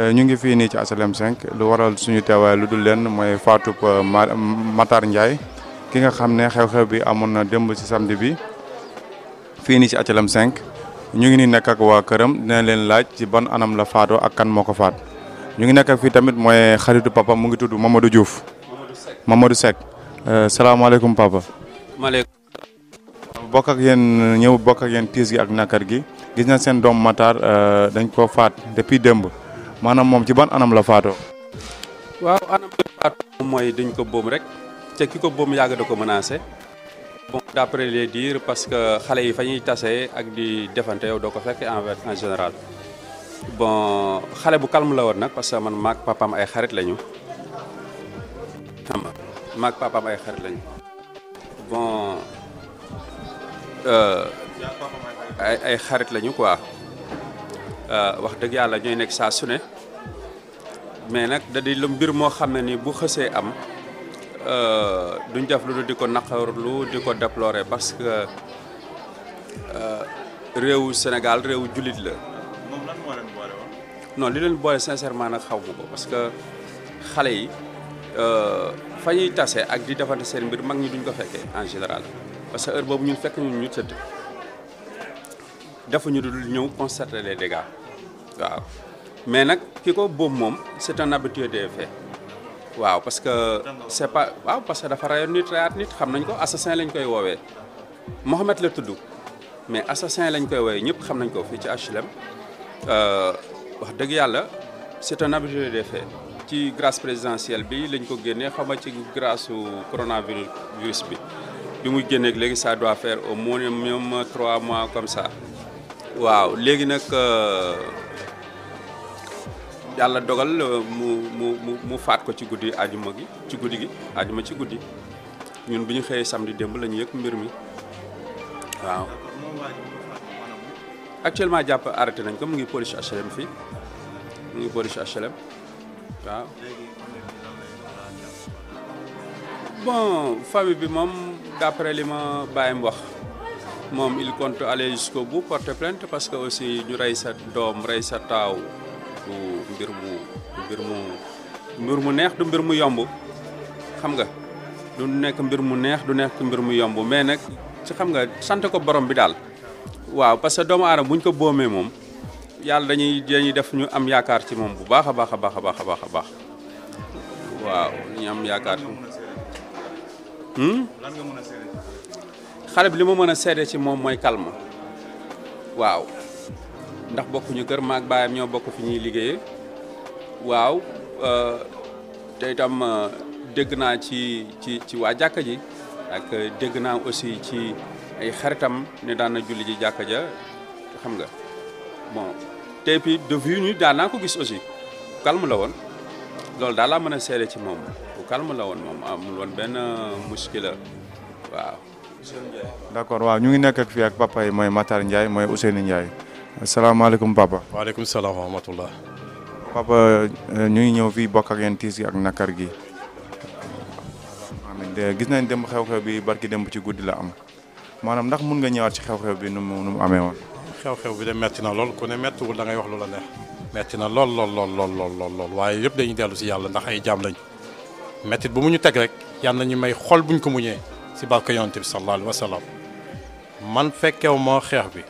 Euh, ñu ngi fii nii ci HLM 5 lu waral suñu teewaay lu dul leen mooy faatub Matar Ndiaye ki nga xam ne xew-xew bi amoon na démb ci samedi bi fii nii ci HLM cinq ñu ngi ni nekk ak waa këram ne leen laaj ci ban anam la faatoo ak kan moo ko faat ñu ngi nekk ak fii tamit mooy xaritu papa mu ngi tudd Mamadou Diouf Mamadou Seck euh, salaamaaleykum papa. maaleykum. bokk ak yéen ñëw bokk ak yéen tiis gi ak nakar gi gis na seen doom Matar euh, dañ koo faat depuis démb. maanaam moom ci ban anam la faatoo. waaw anam la faatoo mooy dañ ko boom rek te ko boom yàgg da ko menacé. bon d'après les dires parce que xale yi fa ñuy tasee ak di defante yow doo ko fekk en en général. bon xale bu calme la woon nag parce que man maag papaam ay xarit lañu. xam nga maag papaam ay xarit lañu. bon euh, ay ay xarit lañu quoi. Euh, wax dëgg yàlla ñooy nekk saa su ne mais nag da di lu mbir moo xam ne ni bu xësee am euh, duñ def lu di ko naqarlu di ko déplorer parce que euh, réewu Sénégal réewu jullit la. moom lan leen boole woon. non li leen boole sincèrement nag xaw ma ko parce que xale yi fa ñuy tase ak di defante seen mbir mag ñi duñ ko fekkee en général parce que heure boobu ñun fekk ñun ñu tëdd. dafa ñu dul ñëw constater les dégâts. waaw mais nag ki ko boobu moom c'est un habitué des faits waaw parce que c'est pas waaw parce que dafa rayoon nit rayaat nit xam nañ ko assassin lañ koy woowee Mohamed la tudd mais assassin lañ koy woowee ñëpp xam nañ ko fii ci HLM euh, wax dëgg yàlla c'est un habitué des ci grâce présidentielle bi lañ ko génnee xama ci grâce su coronavirus bi bi muy génneeg léegi ça doit faire au minimum trois mois comme ça waaw léegi nag. Euh, yàlla dogal euh, mu mu mu mu faat ko ci guddi ajuma gi ci guddi gi ajuma ci guddi ñun bu ñu xëyee samedi démb la ñu yëg mbir mi waaw. actuellement jàpp arrêté nañ ko mu ngi police HLM fii mu ngi police waaw. bon famille bi moom d'après li ma bàyyim wax moom il compte aller jusqu'au bout porter plainte parce que aussi ñu rey sa doom rey sa taaw. du mbir mu du mbir mu mbir mu neex du mbir mu yomb xam nga du nekk mbir mu neex du nekk mbir mu yomb mais nag ci xam nga sant ko borom bi daal waaw parce que doomu aadama buñ ko boomee moom yàlla dañuy dañuy def ñu am yaakaar ci moom bu baax a baax a baax a baax baax a baax waaw ñu am yaakaar ci moom hmm? xale bi li ma mën a seede ci moom mooy calme waaw ndax bokkuñu kër maag baayam ñoo bokk fi ñuy liggéeyee waaw euh, te itam euh, dégg naa ci ci ci waa jàkka ji ak dégg naa aussi ci ay xaritam ne daan na julli ji jàkka ja xam nga bon te puis de vue ñu daan naa ko gis aussi bu calme la woon loolu daal laa mën a seede ci moom bu calme la woon moom am amul woon benn euh, muskila waaw. d' accord waaw ñu ngi nekk ak fii ak papa yi mooy Matar Ndiaye mooy Ousseynou Ndiaye. asalaamaaleykum papa. waaleykum salaam wa eh, ñu ngi ñëw fii bokk ak yéen tiis gi ak nakar gi. gis nañ démb xew-xew bi barki démb ci guddi la am maanaam ndax mun nga ñëwaat ci xew-xew bi nu mu nu mu amee woon. xew-xew bi de metti na lool ku ne mettiwul da ngay wax lu la neex. metti na lool lool lool lool lool waaye yëpp dañuy dellu si yàlla ndax ay jaam lañ mettit bu mu ñu teg rek yàlla nañu may xol buñ ko muñee si barke yonent bi sallallahu wa sallam man fekkew ma xeex bi.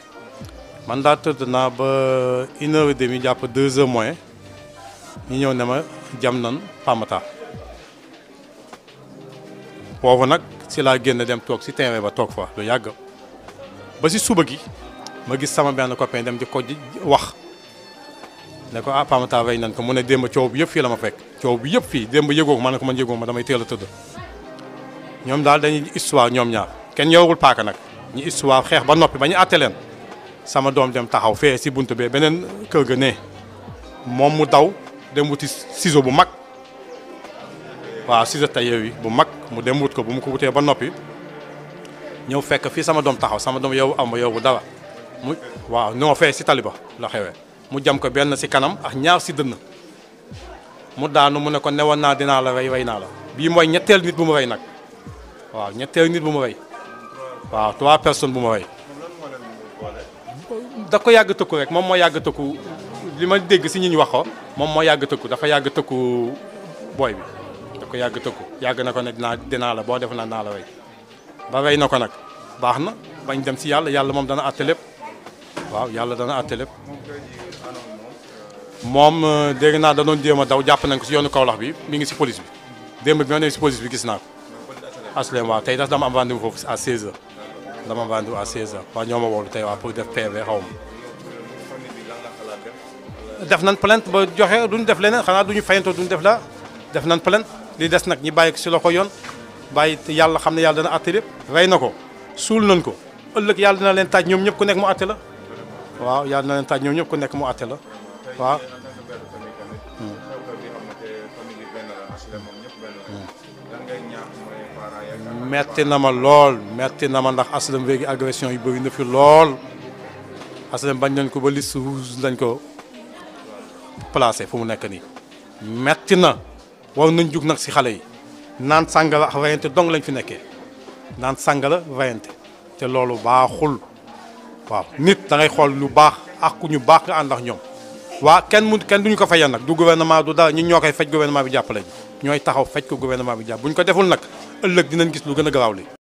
man daa tëdd naa ba une heure et jàpp deux heures moins ñu ñëw ne ma jam nan Pambata boobu nag si laa génn dem toog si terrain ba toog fa lu yàgg ba si suba gi ma gis sama benn copain dem di ko wax ne ko ah Pambata rey nan ko mu ne démb coow bi yëpp fii la ma fekk coow bi yëpp fii démb yëgoo ko ma ne ko man yëgoo ma damay teel tëdd ñoom daal dañuy histoire ñoom ñaar kenn yorul paaka nag ñu histoire xeex ba noppi ba ñu àtte leen sama doom dem taxaw fee si bunt bee beneen kër ga ne moom mu daw dem wuti siso bu mag waaw siso tailleur yi bu mag mu dem wut ko bu mu ko wutee ba noppi ñëw fekk fii sama doom taxaw sama doom yow am yow bu dara mu waaw noo fee si taliba la xewee mu jam ko benn si kanam ak ñaar si dënn mu daanu mu ne ko newoon naa dinaa la rey rey naa la bii mooy ñetteel nit bu mu rey nag waaw ñetteel nit bu mu rey waaw trois personnes bu mu rey da ko yàgg tëkku rek moom moo yàgg tëkku li ma dégg si ñi ñu wax ko moom moo yàgg tëkku dafa yàgg tëkku booy bi da ko yàgg tëkku yàgg na ko ne dinaa dinaa la boo def naa la way ba way na ko nag baax na bañ dem si yàlla yàlla moom dana àtte lépp waaw yàlla dana àtte lépp moom euh, dégg naa da doon jéem a daw jàpp nañ ko si yoonu Kaolack bi mu ngi si police bi démb bi ma ne police bi gis naa ko aslem waaw tey dafa dama am rendez-vous foofu à 16h la ma vendu à 16 ans waa ñoo ma woolu tey waa pour def PV xaw ma def nan plainte ba joxe duñ def leneen xanaa du duñu fayantoo duñ def la def nan plainte li des nag ñi bàyyi si loxo yoon bàyyi yàlla xam ne yàlla dana àtte lépp rey na ko suul nañ ko ëllëg yàlla dina leen taaj ñoom ñëpp ku nekk mu àtte la waaw yàlla na leen taaj ñoom ñëpp ko nekk mu àtte la waaw hmm. Hmm. metti na ma lool metti na ma ndax aslem léegi agression yu bëri na fi lool aslem bañ nañ ko ba liste rouge lañ ko placé fu mu nekk nii metti na war nañ jug nag si xale yi naan sàngara ak rayante dong lañ fi nekkee naan sàngara rayante te loolu baaxul waaw nit da ngay xool lu baax ak ku ñu baax nga ànd ak ñoom waa kenn mu kenn duñu ko fayal nag du gouvernement du dara ñun ñoo koy faj gouvernement bi jàppale ñooy taxaw faj ko gouvernement bi jàpp bu ñu ko deful nag ëllëg dinañ gis lu gën a garaaw li